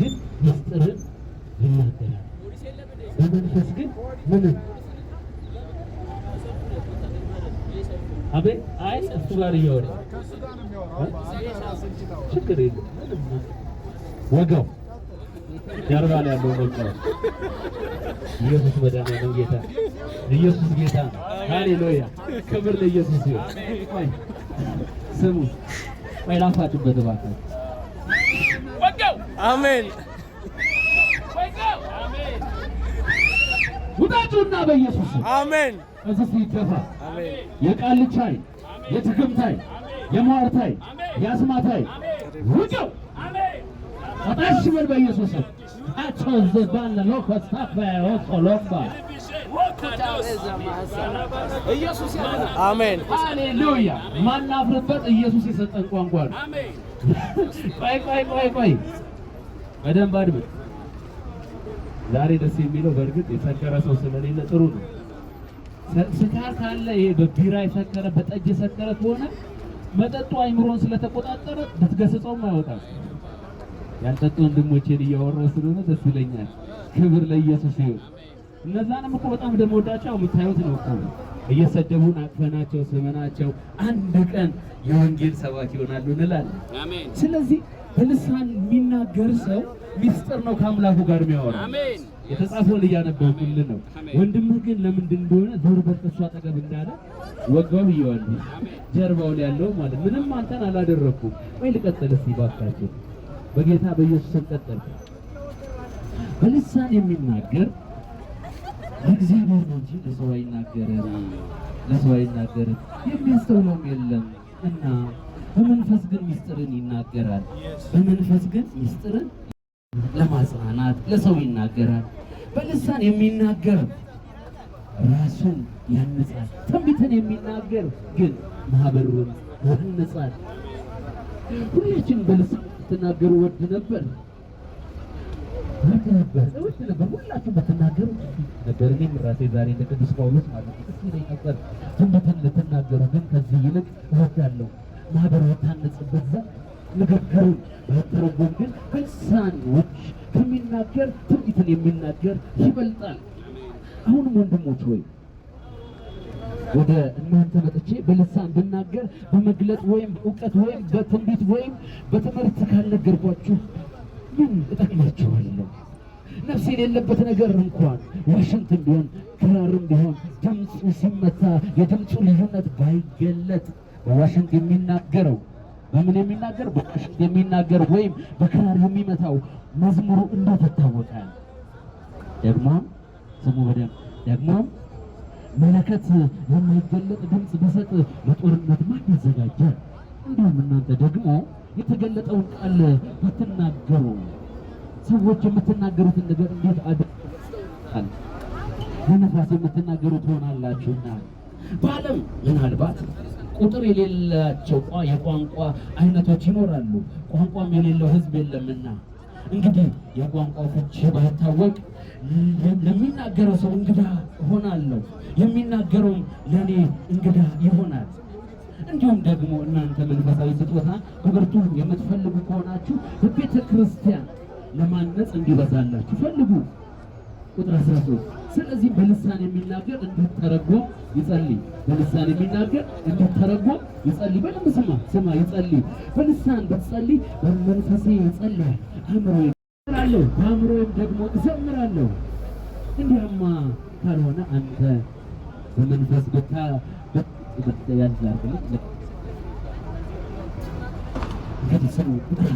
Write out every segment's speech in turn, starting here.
ግን ምስጢርን ይናገራል። በመንፈስ ግን ምንም አቤ አይ እሱ ጋር እያወራ ችግር የለም። ወጋው ጀርባ ላይ ያለው ወጋው። ኢየሱስ መድኃኒዓለም ጌታ ኢየሱስ ጌታ ነው። ሃሌሉያ! ክብር ለኢየሱስ ይሁን። ስሙ ቆይ ላፋጭበት እባክህ አሜን። ውጣቱና በኢየሱስ አሜን። እዚህ ሲደፋ የቃልቻይ የትግምታይ የሟርታይ የአስማታይ ውጭው አጣሽ በል በኢየሱስ አሜን። ሃሌሉያ ማናፍርበት ኢየሱስ የሰጠን ቋንቋ ነው። ቆይ ቆይ ቆይ ቆይ በደንብ አድምጥ። ዛሬ ደስ የሚለው በእርግጥ የሰከረ ሰው ስለሌለ ጥሩ ነው። ስካር ካለ ይሄ በቢራ የሰከረ በጠጅ የሰከረ ከሆነ መጠጡ አይምሮን ስለተቆጣጠረ ብትገስጸውም አይወጣም። ያልጠጡ ወንድሞቼን እያወራሁ ስለሆነ ደስ ይለኛል። ክብር ለኢየሱስ ይሁን። እነዛንም እኮ በጣም እንደምወዳቸው የምታዩት ነው እኮ እየሰደቡን አቅፈናቸው ስመናቸው አንድ ቀን የወንጌል ሰባኪ ይሆናሉ እንላለን። ስለዚህ በልሳን የሚናገር ሰው ሚስጥር ነው ከአምላኩ ጋር የሚያወራ የተጻፈውን እያነበብኩልህ ነው። ወንድምህ ግን ለምንድን እንደሆነ ዞር በል ከእሱ አጠገብ እንዳለ ወጋው ብዬዋለሁ። ጀርባውን ያለው ማለት ምንም አንተን አላደረግኩም ወይ ልቀጥል እስኪ እባካችሁ በጌታ በኢየሱስ ቀጠል። በልሳን የሚናገር ለእግዚአብሔር ነው እንጂ ለሰው አይናገርም፣ ለሰው አይናገርም። የሚያስተውለውም የለም እና በመንፈስ ግን ምስጢርን ይናገራል። በመንፈስ ግን ምስጢርን ለማጽናናት ለሰው ይናገራል። በልሳን የሚናገር ራሱን ያነጻል። ትንቢትን የሚናገር ግን ማህበሩን ያነጻል። ሁላችን በልሳን ትናገሩ ወድ ነበር። ሰዎች ነበር ሁላችሁ በተናገሩ ነበር። እኔም ራሴ ዛሬ እንደ ቅዱስ ጳውሎስ ማለት ነው ሲለኝ ነበር። ትንቢትን ልትናገሩ ግን ከዚህ ይልቅ እወዳለሁ ማህበር የታነጽበት ዘ ንግግሩን ባይተረጎም ግን በልሳኖች ከሚናገር ትንቢትን የሚናገር ይበልጣል። አሁንም ወንድሞች ወይ ወደ እናንተ መጥቼ በልሳን ብናገር በመግለጥ ወይም እውቀት ወይም በትንቢት ወይም በትምህርት ካልነገርኳችሁ ምን እጠቅማቸዋለሁ? ነፍስ የሌለበት ነገር እንኳን ዋሽንትን ቢሆን ክራርም ቢሆን ድምፁ ሲመታ የድምፁ ልዩነት ባይገለጥ በዋሽንት የሚናገረው በምን የሚናገር በዋሽንት የሚናገር ወይም በክራር የሚመታው መዝሙሩ እንዴት ይታወቃል? ደግሞም ስሙ በደም ደግሞም መለከት የማይገለጥ ድምፅ ቢሰጥ ለጦርነት ማን ይዘጋጃል? እንዲሁም እናንተ ደግሞ የተገለጠውን ቃል ብትናገሩ ሰዎች የምትናገሩትን ነገር እንዴት አድርጋል ለነፋስ የምትናገሩ ትሆናላችሁና በዓለም ምናልባት ቁጥር የሌላቸው የቋንቋ አይነቶች ይኖራሉ። ቋንቋም የሌለው ሕዝብ የለምና እንግዲህ የቋንቋ ፍቺ ባይታወቅ ለሚናገረው ሰው እንግዳ እሆናለሁ፣ የሚናገረውም ለእኔ እንግዳ ይሆናል። እንዲሁም ደግሞ እናንተ መንፈሳዊ ስጦታ በብርቱ የምትፈልጉ ከሆናችሁ በቤተ ክርስቲያን ለማነጽ እንዲበዛላችሁ ፈልጉ። ቁጥር 13 ስለዚህ በልሳን የሚናገር እንዲተረጎም ይጸልይ። በልሳን የሚናገር እንዲተረጎም ይጸልይ። በደንብ ስማ ስማ፣ ይጸልይ። በልሳን ብትጸልይ በመንፈሴ ይጸልያል፣ አእምሮ ይዘምራለሁ፣ በአእምሮም ደግሞ እዘምራለሁ። እንዲያማ ካልሆነ አንተ በመንፈስ ብታ ቤተሰቡ ቁጥር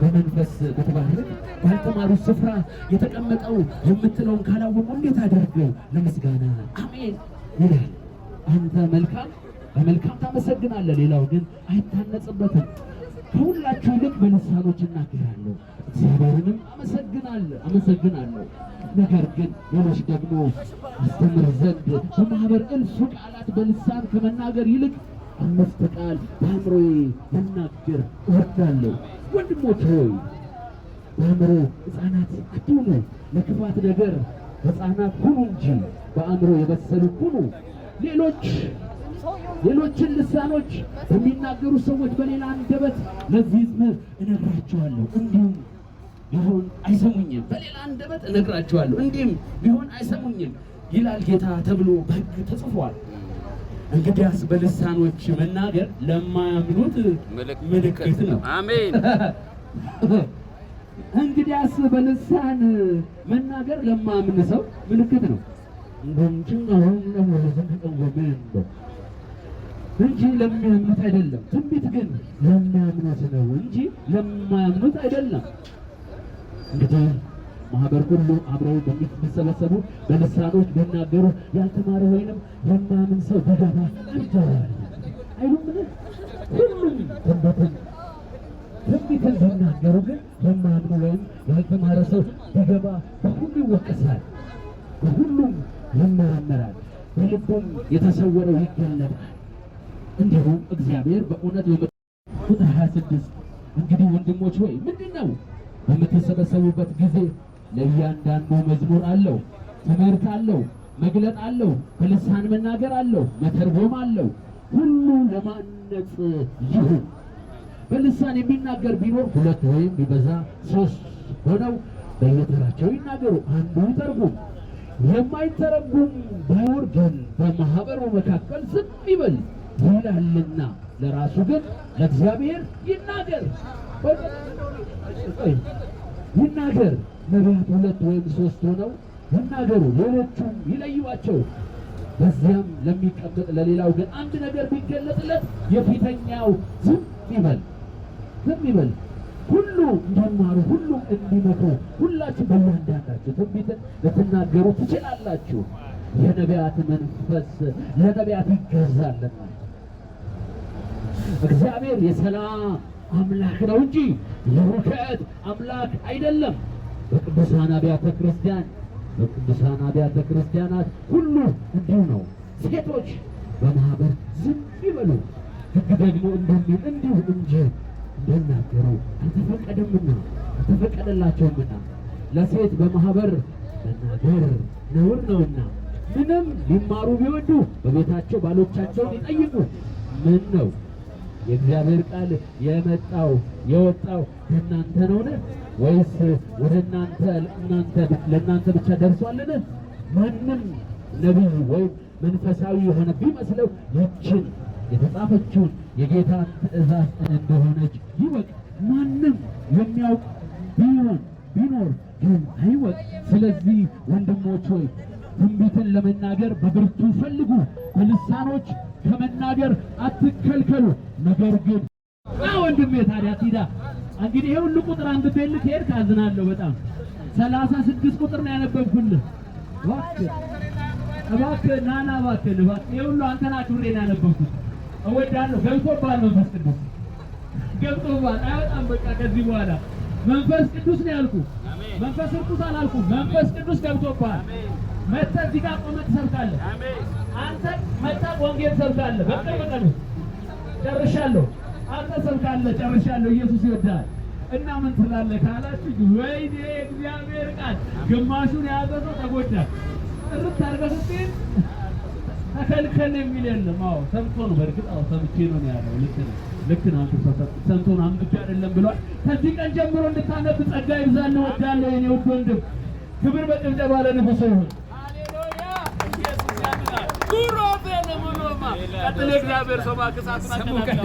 በመንፈስ በተባህርክ ባልተማሩ ስፍራ የተቀመጠው የምትለውን ካላወቁ እንዴት አድርገው ለምስጋና አሜን ይላል። አንተ መልካም በመልካም ታመሰግናለህ፣ ሌላው ግን አይታነጽበትም። ከሁላችሁ ይልቅ በልሳኖች እናገራለሁ፣ እግዚአብሔርንም አመሰግናለሁ አመሰግናለሁ ነገር ግን ሌሎች ደግሞ አስተምር ዘንድ በማህበር እልፍ ቃላት በልሳን ከመናገር ይልቅ አምስት ቃል በአእምሮዬ ልናገር እወዳለሁ። ወንድሞች ሆይ በአእምሮ ሕፃናት አትሁኑ፣ ለክፋት ነገር ሕፃናት ሁኑ እንጂ በአእምሮ የበሰሉ ሁኑ። ሌሎች ሌሎችን ልሳኖች በሚናገሩ ሰዎች በሌላ አንደበት ለዚህ ሕዝብ እነግራቸዋለሁ እንዲሁም ቢሆን አይሰሙኝም፣ በሌላ አንደበት እነግራቸዋለሁ፣ እንዲህም ቢሆን አይሰሙኝም ይላል ጌታ ተብሎ በሕግ ተጽፏል። እንግዲያስ በልሳኖች መናገር ለማያምኑት ምልክት ነው። አሜን። እንግዲያስ በልሳን መናገር ለማያምን ሰው ምልክት ነው እንጂ ለሚያምኑት አይደለም። ትንቢት ግን ለሚያምኑት ነው እንጂ ለማያምኑት አይደለም። እንግዲህ ማህበር ሁሉ አብረው በሚሰበሰቡ በልሳኖች ቢናገሩ ያልተማረ ወይንም የማምን ሰው ቢገባ አይቻላል አይሉምን? ሁሉም ትንበትን ትንቢትን ቢናገሩ ግን የማምኑ ወይም ያልተማረ ሰው ቢገባ በሁሉ ይወቀሳል፣ በሁሉም ይመረመራል፣ በልቡም የተሰወረው ይገለጣል። እንዲሁም እግዚአብሔር በእውነት ቁጥር 26 እንግዲህ ወንድሞች ሆይ ምንድን ነው በምትሰበሰቡበት ጊዜ ለእያንዳንዱ መዝሙር አለው፣ ትምህርት አለው፣ መግለጥ አለው፣ በልሳን መናገር አለው፣ መተርጎም አለው። ሁሉ ለማነጽ ይሁን። በልሳን የሚናገር ቢኖር ሁለት ወይም ቢበዛ ሶስት ሆነው በየተራቸው ይናገሩ፣ አንዱ ይተርጉም። የማይተረጉም ቢኖር ግን በማህበሩ መካከል ዝም ይበል። ይላልና ለራሱ ግን ለእግዚአብሔር ይናገር ይናገር። ነቢያት ሁለት ወይም ሶስት ሆነው ይናገሩ፣ ሌሎቹም ይለዩዋቸው። በዚያም ለሚቀመጥ ለሌላው ግን አንድ ነገር ቢገለጥለት የፊተኛው ዝም ይበል፣ ዝም ይበል። ሁሉ እንዲማሩ፣ ሁሉም እንዲመክሩ፣ ሁላችሁ በእያንዳንዳችሁ ትንቢትን ልትናገሩ ትችላላችሁ። የነቢያት መንፈስ ለነቢያት ይገዛልና እግዚአብሔር የሰላም አምላክ ነው እንጂ የሁከት አምላክ አይደለም። በቅዱሳን አብያተ ክርስቲያን በቅዱሳን አብያተ ክርስቲያናት ሁሉ እንዲሁ ነው። ሴቶች በማህበር ዝም ይበሉ፣ ሕግ ደግሞ እንደሚል እንዲሁ እንጂ እንደናገሩ አልተፈቀደምና አልተፈቀደላቸውምና ለሴት በማህበር መናገር ነውር ነውና ምንም ሊማሩ ቢወዱ በቤታቸው ባሎቻቸውን ይጠይቁ። ምን ነው የእግዚአብሔር ቃል የመጣው የወጣው ከእናንተ ነውን? ወይስ ወደ እናንተ ለእናንተ ብቻ ደርሷልን? ማንም ነቢይ ወይም መንፈሳዊ የሆነ ቢመስለው ይችን የተጻፈችውን የጌታ ትእዛዝ እንደሆነች ይወቅ። ማንም የሚያውቅ ቢሆን ቢኖር ግን አይወቅ። ስለዚህ ወንድሞች ሆይ ትንቢትን ለመናገር በብርቱ ፈልጉ በልሳኖች ከመናገር አትከልከሉ። ነገር ግን ወንድሜ ታዲያ ሲዳ እንግዲህ ይሄ ሁሉ ቁጥር አንብቤልህ ከሄድክ አዝናለሁ በጣም ሰላሳ ስድስት ቁጥር ነው ያነበብኩልህ። እባክህ እባክህ ናና ና እባክህ እባክህ ይሄ ሁሉ አንተን አክብሬ ነው ያነበብኩት። እወዳለሁ ገብቶብሃል መንፈስ ቅዱስ ገብቶብሃል። አይወጣም በቃ ከዚህ በኋላ መንፈስ ቅዱስ ነው ያልኩህ። መንፈስ ቅዱስ አላልኩህ። መንፈስ ቅዱስ ገብቶብሃል። መጥተህ እዚህ ጋር ቆመህ ትሰብካለህ። አንተ መጥተህ ወንጌል ትሰብካለህ። በቅርብ ጨርሻለሁ፣ አንተ ሰብካለህ፣ ጨርሻለሁ፣ ኢየሱስ ይወዳል እና ምን ትላለህ ካላችሁ፣ ወይኔ እግዚአብሔር ቃል ግማሹን የያዘ ሰው ተጎዳ። ጥርት አድርገህ ተከልከል የሚል የለም። አዎ ሰምቶ ነው፣ በእርግጥ አዎ ሰምቼ ነው ያለው። ልክ ነው፣ ልክ ነው። አንተ ሰምቶ ነው አምጥቼ አይደለም ብሏል። ከዚህ ቀን ጀምሮ እንድታነብ ጸጋ ይብዛልህ። እወዳለሁ የኔ ውድ ወንድም። ክብር በጭብጨባ ለንጉሡ ይሁን። ኑሮ በለመኖማ ቀጥል የእግዚአብሔር ሰው ማክሳት ናቀላቀላ